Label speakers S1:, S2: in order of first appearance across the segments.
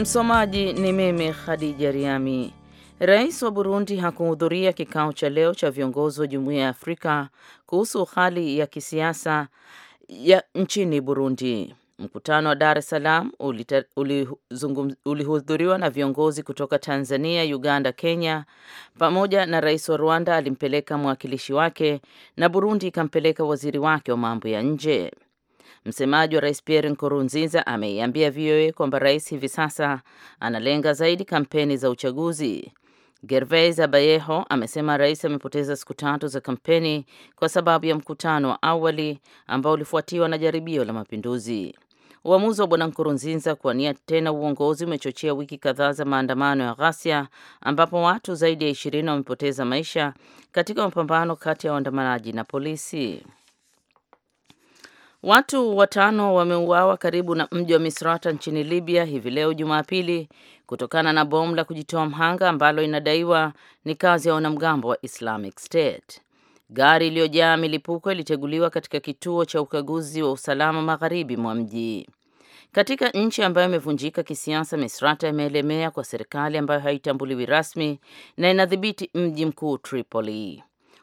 S1: Msomaji ni mimi Khadija Riami. Rais wa Burundi hakuhudhuria kikao cha leo cha viongozi wa Jumuiya ya Afrika kuhusu hali ya kisiasa ya nchini Burundi. Mkutano wa Dar es Salaam ulihudhuriwa na viongozi kutoka Tanzania, Uganda, Kenya pamoja na rais wa Rwanda alimpeleka mwakilishi wake na Burundi ikampeleka waziri wake wa mambo ya nje. Msemaji wa Rais Pierre Nkurunziza ameiambia VOA kwamba rais hivi sasa analenga zaidi kampeni za uchaguzi. Gervais Abayeho amesema rais amepoteza siku tatu za kampeni kwa sababu ya mkutano wa awali ambao ulifuatiwa na jaribio la mapinduzi. Uamuzi wa bwana Nkurunziza kuwania tena uongozi umechochea wiki kadhaa za maandamano ya ghasia ambapo watu zaidi ya ishirini wamepoteza maisha katika mapambano kati ya waandamanaji na polisi. Watu watano wameuawa karibu na mji wa Misrata nchini Libya hivi leo Jumapili kutokana na bomu la kujitoa mhanga ambalo inadaiwa ni kazi ya wanamgambo wa Islamic State. Gari iliyojaa milipuko iliteguliwa katika kituo cha ukaguzi wa usalama magharibi mwa mji. Katika nchi ambayo imevunjika kisiasa, Misrata imeelemea kwa serikali ambayo haitambuliwi rasmi na inadhibiti mji mkuu Tripoli.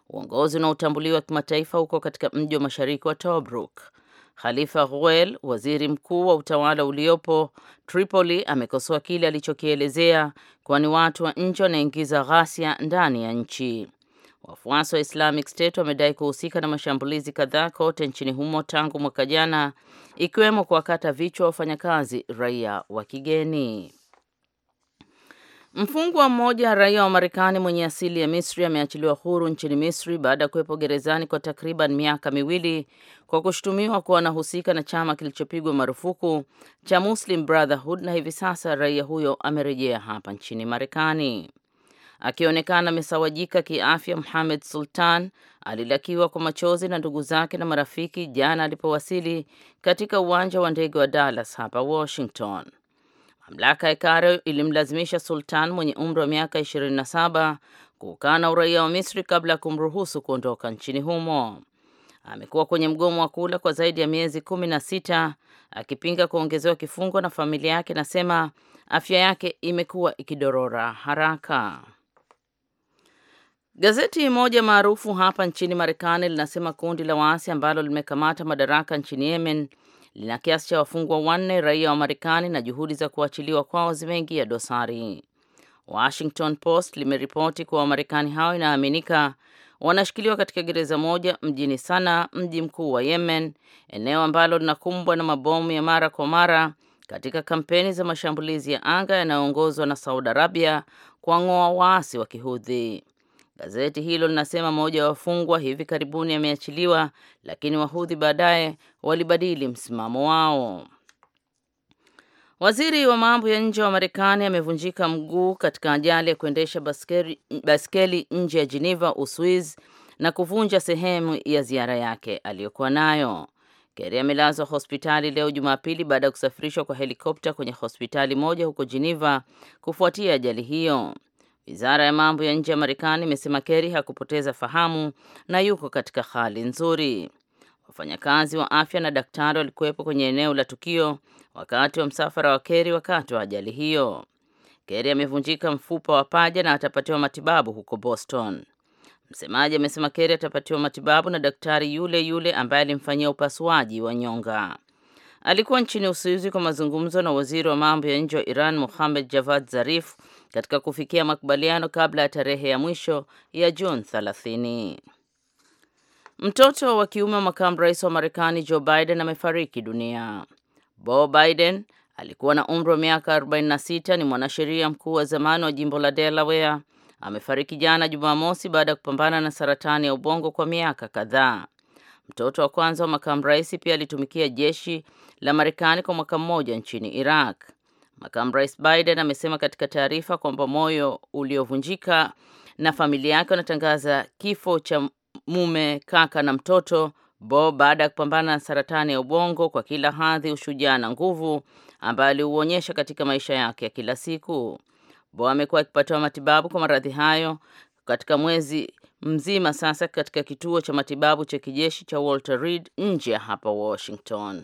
S1: Uongozi unaotambuliwa kimataifa huko katika mji wa mashariki wa Tobruk. Khalifa Ghouel, waziri mkuu wa utawala uliopo Tripoli, amekosoa kile alichokielezea kwani watu wa nje wanaingiza ghasia ndani ya nchi. Wafuasi wa Islamic State wamedai kuhusika na mashambulizi kadhaa kote nchini humo tangu mwaka jana, ikiwemo kuwakata vichwa wafanyakazi raia wa kigeni. Mfungwa mmoja raia wa Marekani mwenye asili ya Misri ameachiliwa huru nchini Misri baada ya kuwepo gerezani kwa takriban miaka miwili kwa kushutumiwa kuwa anahusika na chama kilichopigwa marufuku cha Muslim Brotherhood na hivi sasa raia huyo amerejea hapa nchini Marekani. Akionekana amesawajika kiafya, Mohamed Sultan alilakiwa kwa machozi na ndugu zake na marafiki jana alipowasili katika uwanja wa ndege wa Dallas hapa Washington. Mamlaka ya Cairo ilimlazimisha Sultan mwenye umri wa miaka 27 kukaa na uraia wa Misri kabla ya kumruhusu kuondoka nchini humo. Amekuwa kwenye mgomo wa kula kwa zaidi ya miezi kumi na sita akipinga kuongezewa kifungo, na familia yake nasema afya yake imekuwa ikidorora haraka. Gazeti moja maarufu hapa nchini Marekani linasema kundi la waasi ambalo limekamata madaraka nchini Yemen lina kiasi cha wafungwa wanne raia wa Marekani na juhudi za kuachiliwa kwao zimeingia dosari. Washington Post limeripoti kuwa Wamarekani hao inaaminika wanashikiliwa katika gereza moja mjini Sana, mji mkuu wa Yemen, eneo ambalo linakumbwa na mabomu ya mara kwa mara katika kampeni za mashambulizi ya anga yanayoongozwa na Saudi Arabia kuwang'oa waasi wa Kihudhi. Gazeti hilo linasema mmoja wa wafungwa hivi karibuni ameachiliwa, lakini wahudhi baadaye walibadili msimamo wao. Waziri wa mambo ya nje wa Marekani amevunjika mguu katika ajali ya kuendesha baskeli, baskeli nje ya Geneva, uswiz na kuvunja sehemu ya ziara yake aliyokuwa nayo. Kerry amelazwa hospitali leo Jumapili baada ya kusafirishwa kwa helikopta kwenye hospitali moja huko Geneva kufuatia ajali hiyo. Wizara ya mambo ya nje ya Marekani imesema Kerry hakupoteza fahamu na yuko katika hali nzuri. Wafanyakazi wa afya na daktari walikuwepo kwenye eneo la tukio wakati wa msafara wa Kerry wakati wa ajali hiyo. Kerry amevunjika mfupa wa paja na atapatiwa matibabu huko Boston. Msemaji amesema Kerry atapatiwa matibabu na daktari yule yule ambaye alimfanyia upasuaji wa nyonga. Alikuwa nchini Uswizi kwa mazungumzo na waziri wa mambo ya nje wa Iran Mohammed Javad Zarif katika kufikia makubaliano kabla ya tarehe ya mwisho ya Juni 30. Mtoto wa kiume wa makamu rais wa Marekani Joe Biden amefariki dunia. Bo Biden alikuwa na umri wa miaka 46, ni mwanasheria mkuu wa zamani wa jimbo la Delaware. Amefariki jana Jumamosi baada ya kupambana na saratani ya ubongo kwa miaka kadhaa. Mtoto wa kwanza wa makamu rais pia alitumikia jeshi la Marekani kwa mwaka mmoja nchini Iraq. Makamu Rais Biden amesema katika taarifa kwamba moyo uliovunjika na familia yake wanatangaza kifo cha mume, kaka na mtoto bo baada ya kupambana na saratani ya ubongo kwa kila hadhi, ushujaa na nguvu ambayo aliuonyesha katika maisha yake ya kila siku. bo amekuwa akipatiwa matibabu kwa maradhi hayo katika mwezi mzima sasa katika kituo cha matibabu cha kijeshi cha Walter Reed nje ya hapa Washington.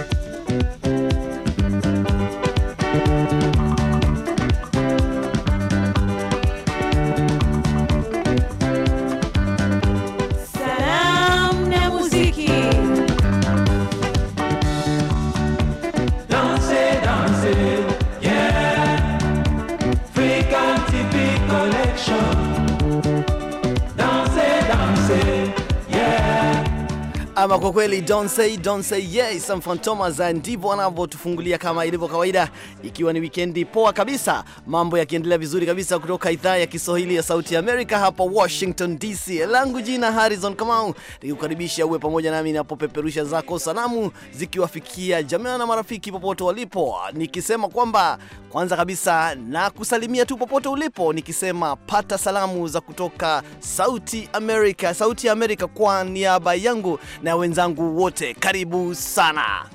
S2: Ama kwa kweli don't say, don't say yeah, Sam Fantomas ndivyo anavyotufungulia kama ilivyo kawaida, ikiwa ni wikendi poa kabisa, mambo yakiendelea vizuri kabisa, kutoka idhaa ya Kiswahili ya Sauti ya Amerika hapa Washington DC. Langu jina Harrison Kamau, nikukaribisha uwe pamoja nami napopeperusha zako salamu zikiwafikia jamaa na marafiki popote walipo, nikisema kwamba kwanza kabisa na kusalimia tu popote ulipo, nikisema pata salamu za kutoka Sauti Amerika, Sauti ya Amerika kwa niaba yangu na na wenzangu wote, karibu sana.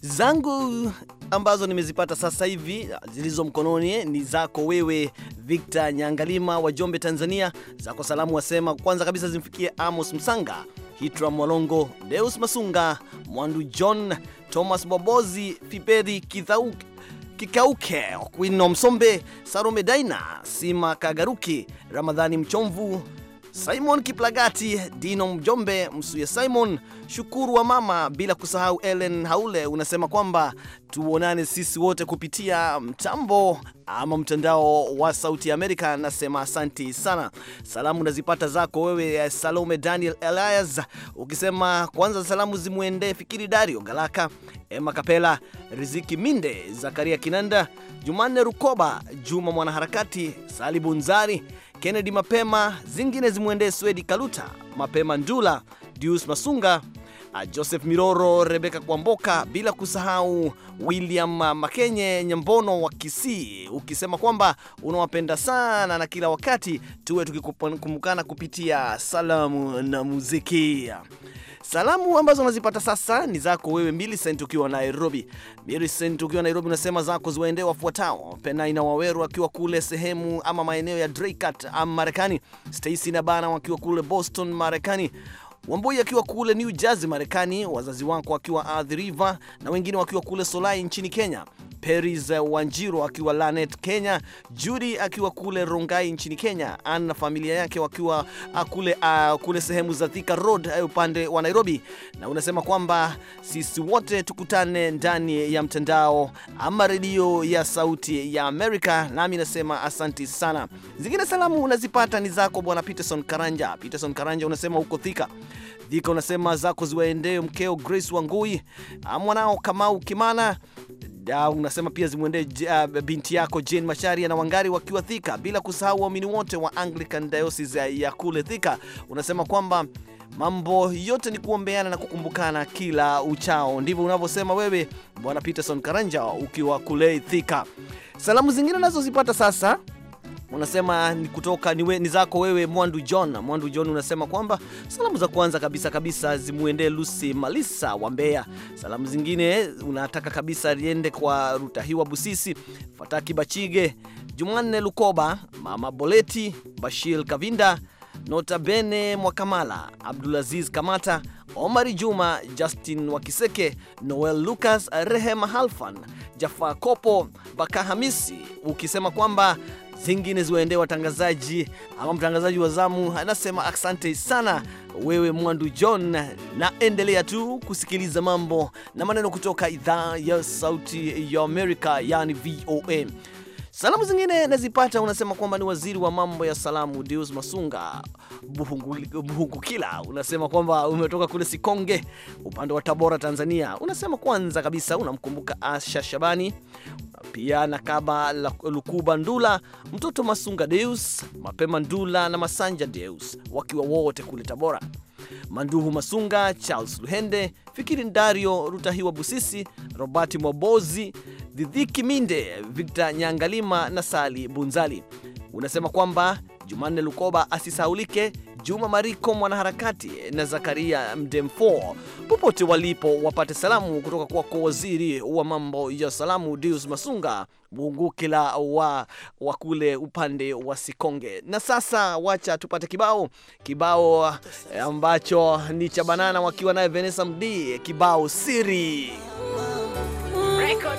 S2: zangu ambazo nimezipata sasa hivi zilizo mkononi ni zako wewe Victor Nyangalima wa Jombe, Tanzania. Zako salamu wasema kwanza kabisa zimfikie Amos Msanga, Hitra Mwalongo, Deus Masunga, Mwandu John, Thomas Bobozi, Fiperi Kithauki Kikauke, Okwino Msombe, sarome Daina, Sima Kagaruki, Ramadhani Mchomvu, Simon Kiplagati, Dino Mjombe, msuye Simon, Shukuru wa mama, bila kusahau elen Haule. Unasema kwamba tuonane sisi wote kupitia mtambo ama mtandao wa Sauti Amerika. Nasema asanti sana. Salamu nazipata zako wewe eh, Salome Daniel Elias, ukisema kwanza salamu zimwendee Fikiri Dario Galaka, Emma Kapela, Riziki Minde, Zakaria Kinanda, Jumanne Rukoba, Juma Mwanaharakati, nzari Kennedy Mapema, zingine zimwendee Swedi Kaluta, Mapema Ndula, Dius Masunga Ah, Joseph Miroro, Rebeka Kwamboka, bila kusahau William ah, Makenye Nyambono wa Kisii, ukisema kwamba unawapenda sana na kila wakati tuwe tukikumbukana kupitia salamu na muziki. Salamu ambazo unazipata sasa ni zako wewe Millicent ukiwa Nairobi. Millicent ukiwa Nairobi unasema zako ziwaendee wafuatao: Penaina Waweru akiwa kule sehemu ama maeneo ya Draycott ama Marekani, Stacy na Bana wakiwa kule Boston Marekani, Wamboi akiwa kule New Jersey Marekani, wazazi wako wakiwa Athi River na wengine wakiwa kule Solai nchini Kenya. Peris Wanjiru akiwa Lanet, Kenya, Judy akiwa kule Rongai nchini Kenya, Ann na familia yake wakiwa ah, kule, uh, kule sehemu za Thika Road eh, upande wa Nairobi, na unasema kwamba sisi wote tukutane ndani ya mtandao ama redio ya Sauti ya Amerika. Nami nasema asanti sana. Zingine salamu unazipata ni zako Bwana Peterson Karanja. Peterson Karanja unasema uko Thika Dika unasema zako ziwaendee mkeo Grace Wangui, ah, mwanao Kamau Kimana da, ah, unasema pia zimwendee uh, binti yako Jane Macharia na Wangari wakiwa Thika, bila kusahau waumini wote wa Anglican Diocese ya kule Thika. Unasema kwamba mambo yote ni kuombeana na kukumbukana kila uchao. Ndivyo unavyosema wewe Bwana Peterson Karanja ukiwa kule Thika. Salamu zingine nazozipata sasa unasema ni kutoka ni, we, ni zako wewe Mwandu John. Mwandu John unasema kwamba salamu za kwanza kabisa kabisa zimuendee Lucy Malisa wa Mbeya. Salamu zingine unataka kabisa riende kwa Rutahiwa Busisi, Fataki Bachige, Jumanne Lukoba, Mama Boleti, Bashir Kavinda, Notabene Mwakamala, Abdulaziz Kamata, Omari Juma, Justin Wakiseke, Noel Lucas, Rehema Halfan, Jafar Kopo, Bakahamisi ukisema kwamba zingine ziwaendee watangazaji. Ama mtangazaji wa zamu anasema asante sana wewe Mwandu John, na endelea tu kusikiliza mambo na maneno kutoka idhaa ya Sauti ya Amerika, yani VOA. Salamu zingine nazipata, unasema kwamba ni waziri wa mambo ya salamu Deus Masunga Buhungukila kila, Unasema kwamba umetoka kule Sikonge upande wa Tabora, Tanzania. Unasema kwanza kabisa unamkumbuka Asha Shabani pia na Kaba Lukuba Ndula, mtoto Masunga Deus, Mapema Ndula na Masanja Deus wakiwa wote kule Tabora Manduhu Masunga, Charles Luhende, Fikiri Ndario, Rutahiwa Busisi, Robati mobozi Didhiki Minde, Victor Nyangalima na Sali Bunzali. Unasema kwamba Jumanne Lukoba asisaulike Juma Mariko, mwanaharakati na Zakaria Mdemfo, popote walipo wapate salamu kutoka kwako waziri wa mambo ya salamu dius Masunga Bungukila wa, wa kule upande wa Sikonge. Na sasa wacha tupate kibao kibao eh, ambacho ni cha Banana wakiwa naye Vanessa Mdee, kibao siri
S3: Record.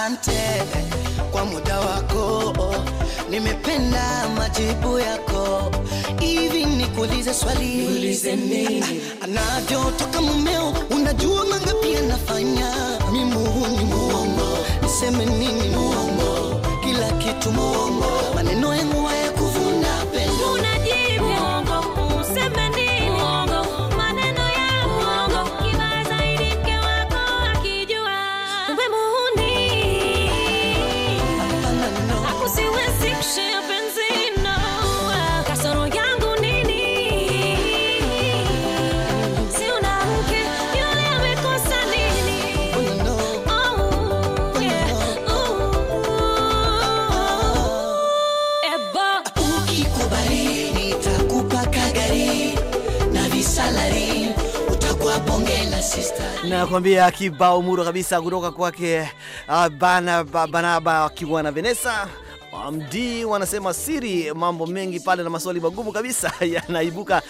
S3: asante kwa muda wako, nimependa majibu yako. Hivi nikuulize swali, niulize nini? Ah, anavyotoka mumeo, unajua manga pia nafanya Mi ni muongo, niseme nini? Muongo, kila kitu muongo, maneno yangu wayako
S2: Nakwambia kibao muro kabisa kutoka kwake uh, bana banaba akiwa na Vanessa mdi wanasema siri, mambo mengi pale na maswali magumu kabisa yanaibuka.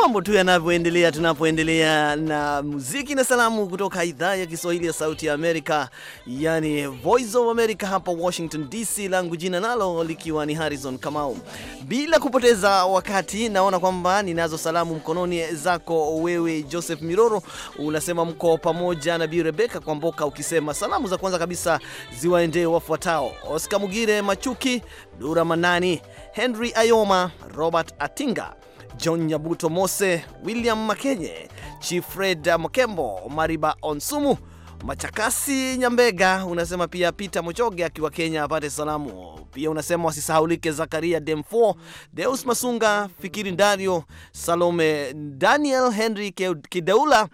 S2: Mambo tu yanavyoendelea, tunapoendelea na muziki na salamu kutoka idhaa ya Kiswahili ya Sauti ya Amerika, yani Voice of America hapa Washington DC, langu jina nalo likiwa ni Harrison Kamau. Bila kupoteza wakati, naona kwamba ninazo salamu mkononi zako wewe Joseph Miroro, unasema mko pamoja na Bi Rebeka Kwamboka, ukisema salamu za kwanza kabisa ziwaendee wafuatao: Oscar Mugire Machuki Dura Manani, Henry Ayoma, Robert Atinga, John Nyabuto Mose, William Makenye, Chief Fred Mokembo, Mariba Onsumu Machakasi Nyambega unasema pia Peter Mochoge akiwa Kenya apate salamu. Pia unasema wasisahaulike Zakaria Demfo, Deus Masunga, Fikiri Ndario, Salome Daniel, Henry Kideula,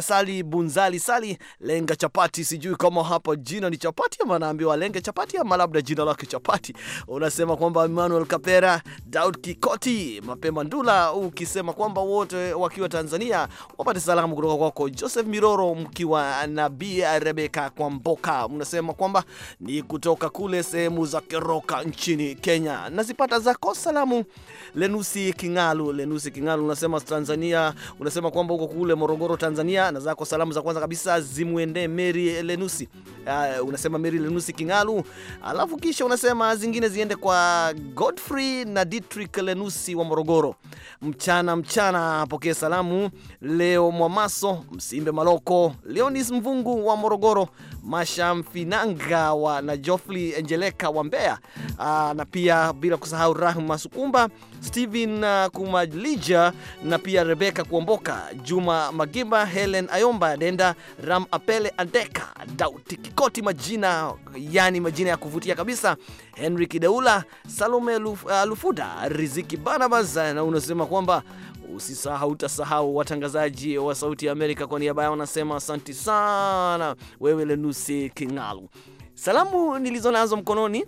S2: Sali Bunzali, Sali Lenga Chapati. Sijui kama hapo jina ni chapati ama naambiwa Lenga Chapati ama labda jina lake Chapati. Unasema kwamba Emmanuel Kapera, Daud Kikoti, Mapema Ndula, ukisema kwamba wote wakiwa Tanzania wapate salamu kutoka kwako Joseph Miroro mkiwa na Bi Rebeka Kwamboka, unasema kwamba ni kutoka kule sehemu za Keroka nchini Kenya. Nazipata zako salamu. Lenusi Kingalu, Lenusi Kingalu unasema Tanzania, unasema kwamba uko kule Morogoro, Tanzania, na zako salamu za kwanza kabisa zimwendee Mary Lenusi. Uh, unasema Mary Lenusi Kingalu, alafu kisha unasema zingine ziende kwa Godfrey na Dietrich Lenusi wa Morogoro. Mchana mchana apokee salamu leo Mwamaso Msimbe Maloko, Leonis Mvungu Mungu wa Morogoro, Mashamfinanga wa na Jofli Enjeleka wa Mbeya, ah, na pia bila kusahau Rahma Sukumba, Steven ah, Kumalija na pia Rebeka Kuomboka, Juma Magimba, Helen Ayomba Denda, Ram Apele Andeka, Dauti Kikoti, majina yani majina ya kuvutia kabisa, Henry Kideula, Salome ah, Lufuda, Riziki Barnabas, na unasema kwamba Usisahau, utasahau watangazaji wa Sauti ya Amerika. Kwa niaba yao nasema asanti sana, wewe Lenusi Kingalu. Salamu nilizo nazo mkononi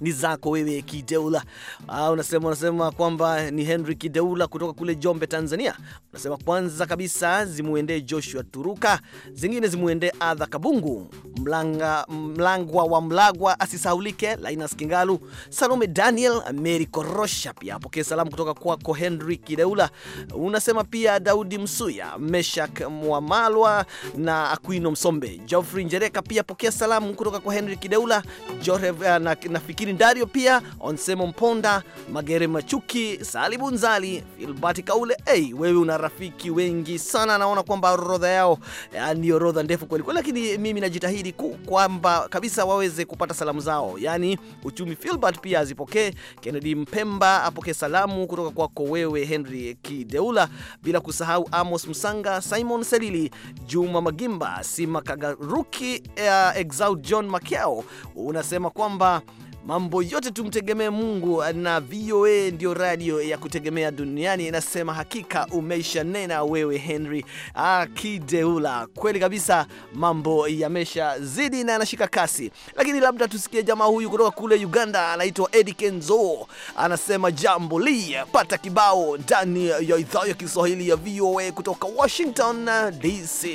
S2: ni zako wewe Kideula. Ah, unasema unasema kwamba ni Henry Kideula kutoka kule Jombe, Tanzania. Unasema kwanza kabisa zimuendee Joshua Turuka, zingine zimuendee Adha Kabungu, Mlanga Mlangwa wa Mlagwa asisahulike, Linus Kingalu, Salome Daniel, Mary Korosha pia apokee salamu kutoka kwako Henry Kideula. Unasema pia Daudi Msuya, Meshak Mwamalwa na Aquino Msombe, Geoffrey Njereka pia apokea salamu kutoka kwa Henry Kideula, Joref, na, nafikiri Dario pia Onsemo Mponda, Magere Machuki, Salibu Nzali, Filbati Kaule. Hey, wewe una rafiki wengi sana, naona kwamba orodha yao eh, ni orodha ndefu kweli kweli, lakini mimi najitahidi ku kwamba kabisa waweze kupata salamu zao, yani uchumi Filbert pia azipokee, Kennedy Mpemba apokee salamu kutoka kwako wewe Henry Kideula, bila kusahau Amos Msanga, Simon Selili, Juma Magimba, Sima Kagaruki, uh, Exaud John Makeo. Unasema kwamba Mambo yote tumtegemee Mungu, na VOA ndio radio ya kutegemea duniani. Inasema hakika umeisha nena wewe Henry Akideula, kweli kabisa, mambo yamesha zidi na yanashika kasi, lakini labda tusikie jamaa huyu kutoka kule Uganda, anaitwa Eddie Kenzo, anasema jambo li pata kibao ndani ya idhaa ya Kiswahili ya VOA kutoka Washington DC.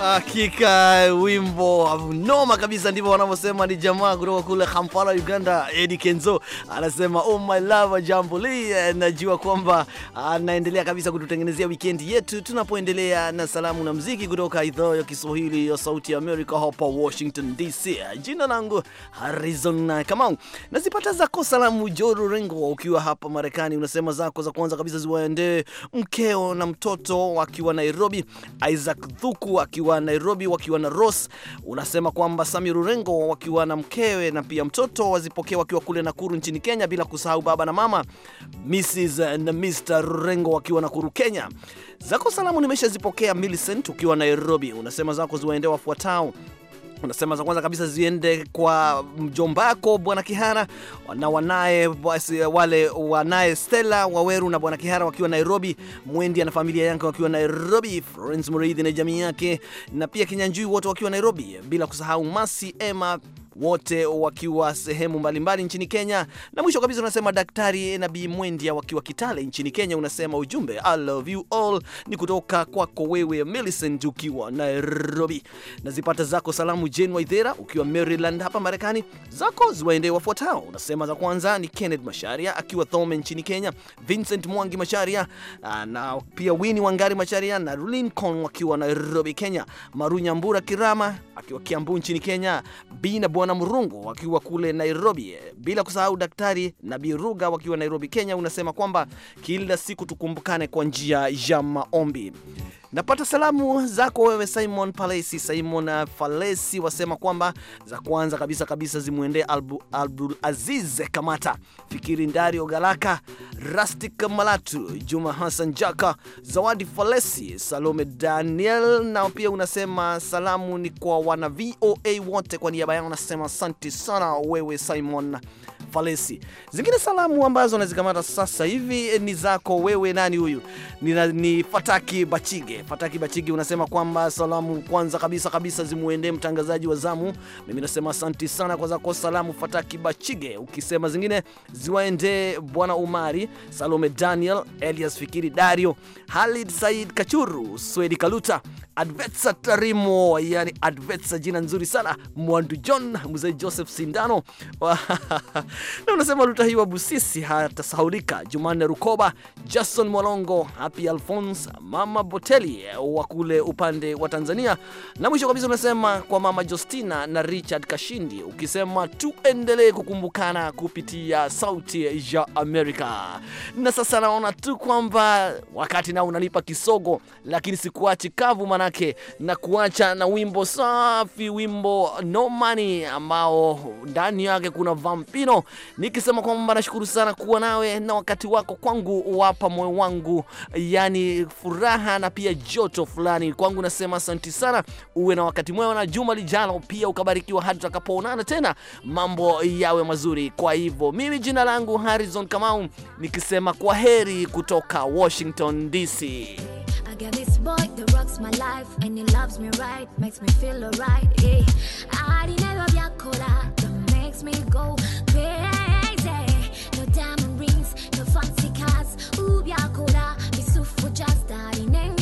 S2: Hakika wimbo noma kabisa, ndivyo wanavyosema. Ni jamaa kutoka kule Kampala, Uganda, Eddie Kenzo anasema oh my love jambulie. Najua kwamba anaendelea kabisa kututengenezea weekend yetu tunapoendelea na salamu na mziki kutoka idhaa ya Kiswahili ya Sauti ya America hapa Washington DC. Jina langu Harrison Kamau, nazipata zako salamu Joru Rengo, ukiwa hapa Marekani, unasema zako za kwanza kabisa ziwaendee mkeo na mtoto wakiwa Nairobi, Isaac Thuku akiwa wa Nairobi wakiwa na Ross. Unasema kwamba Sami Rurengo wakiwa na mkewe na pia mtoto wazipokea wakiwa kule Nakuru nchini Kenya, bila kusahau baba na mama Mrs na Mr Rurengo wakiwa Nakuru Kenya. Zako salamu nimeshazipokea. Millicent ukiwa Nairobi unasema zako ziwaendea wafuatao Unasema za kwanza kabisa ziende kwa mjombako Bwana Kihara na wanaye wale wanaye Stella Waweru na Bwana Kihara wakiwa Nairobi, Mwendi na familia yake wakiwa Nairobi, Florence Muriithi na jamii yake, na pia Kinyanjui wote wakiwa Nairobi, bila kusahau Masi Emma wote wakiwa sehemu mbalimbali nchini Kenya. Na mwisho kabisa unasema Daktari Nabii Mwendia wakiwa Kitale nchini Kenya, unasema ujumbe I love you all ni kutoka kwako wewe Millicent ukiwa Nairobi. Nazipata zako salamu Jane Waithera ukiwa Maryland hapa Marekani, zako ziwaendee wafuatao. Unasema za kwanza ni Kenneth Masharia akiwa Thome nchini Kenya, Vincent Mwangi Masharia ah, na pia Winnie Wangari Masharia na Rulin Kon wakiwa Nairobi Kenya, Marunyambura Kirama akiwa Kiambu nchini Kenya, b na Bwana Murungu wakiwa kule Nairobi, bila kusahau Daktari na biruga wakiwa Nairobi, Kenya, unasema kwamba kila siku tukumbukane kwa njia ya maombi. Napata salamu zako wewe Simon Palesi. Simon Falesi wasema kwamba za kwanza kabisa kabisa zimwendee Abdul Aziz Kamata, Fikiri Ndari Ogalaka, Rustic Malatu, Juma Hassan Jaka, Zawadi Falesi, Salome Daniel, na pia unasema salamu ni kwa wana VOA wote. Kwa niaba yao nasema asante sana wewe Simon Valesi. Zingine salamu ambazo nazikamata sasa hivi eh, ni zako wewe, nani huyu? Ni, ni Fataki Bachige. Fataki Bachige unasema kwamba salamu kwanza kabisa kabisa zimuende mtangazaji wa zamu. Mimi nasema asanti sana kwa zako salamu Fataki Bachige, ukisema zingine ziwaende Bwana Umari, Salome Daniel, Elias Fikiri, Dario Halid, Said Kachuru, Swedi Kaluta, Advetsa Tarimo, yani Advetsa jina nzuri sana, Mwandu John, Mzee Joseph Sindano na unasema wa Busisi hatasahaulika, Jumanne Rukoba, Jason Mwalongo, Happy Alphonse, Mama Boteli eh, wa kule upande wa Tanzania, na mwisho kabisa unasema kwa Mama Justina na Richard Kashindi, ukisema tuendelee kukumbukana kupitia Sauti ya Amerika. Na sasa naona tu kwamba wakati nao unalipa kisogo, lakini sikuachi kavu manake na kuacha na wimbo safi, wimbo No Money ambao ndani yake kuna Vampino nikisema kwamba nashukuru sana kuwa nawe na wakati wako kwangu, wapa moyo wangu yani furaha na pia joto fulani kwangu. Nasema asanti sana, uwe na wakati mwema, na juma lijalo pia ukabarikiwa, hadi tutakapoonana tena, mambo yawe mazuri. Kwa hivyo mimi jina langu Harrison Kamau, nikisema kwa heri kutoka Washington DC.
S3: Yeah, this boy that rocks my life and he loves me right, makes me feel alright. Yeah. makes me go crazy. No diamond rings, no fancy cars. Ooh, yeah, cola, ah. for just starting.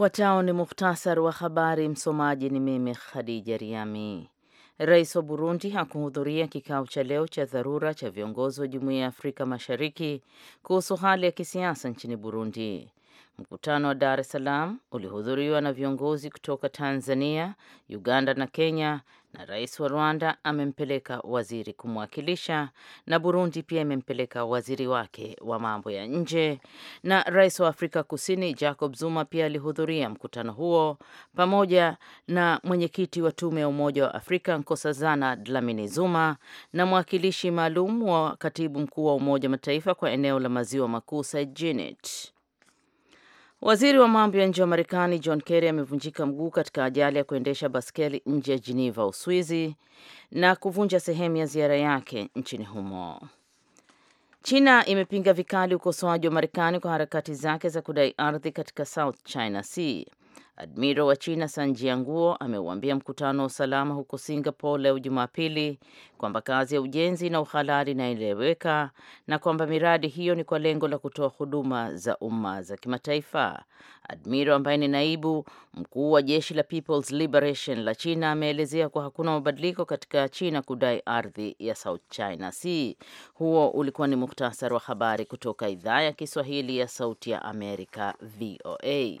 S1: Ufuatao ni muhtasari wa habari. Msomaji ni mimi Khadija Riami. Rais wa Burundi hakuhudhuria kikao cha leo cha dharura cha viongozi wa Jumuiya ya Afrika Mashariki kuhusu hali ya kisiasa nchini Burundi. Mkutano wa Dar es Salaam ulihudhuriwa na viongozi kutoka Tanzania, Uganda na Kenya, na rais wa Rwanda amempeleka waziri kumwakilisha, na Burundi pia imempeleka waziri wake wa mambo ya nje, na rais wa Afrika Kusini Jacob Zuma pia alihudhuria mkutano huo pamoja na mwenyekiti wa tume ya Umoja wa Afrika Nkosazana Dlamini Zuma na mwakilishi maalum wa katibu mkuu wa Umoja wa Mataifa kwa eneo la Maziwa Makuu Said Djinnit. Waziri wa mambo ya nje wa Marekani John Kerry amevunjika mguu katika ajali ya kuendesha baskeli nje ya Geneva, Uswizi, na kuvunja sehemu ya ziara yake nchini humo. China imepinga vikali ukosoaji wa Marekani kwa harakati zake za kudai ardhi katika South China Sea. Admiro wa China sanjianguo Jianguo ameuambia mkutano wa usalama huko Singapore leo Jumapili kwamba kazi ya ujenzi na uhalali inaeleweka na kwamba miradi hiyo ni kwa lengo la kutoa huduma za umma za kimataifa. Admiro ambaye ni naibu mkuu wa jeshi la People's Liberation la China ameelezea kuwa hakuna mabadiliko katika China kudai ardhi ya South China Sea. Huo ulikuwa ni muhtasari wa habari kutoka idhaa ya Kiswahili ya Sauti ya Amerika, VOA.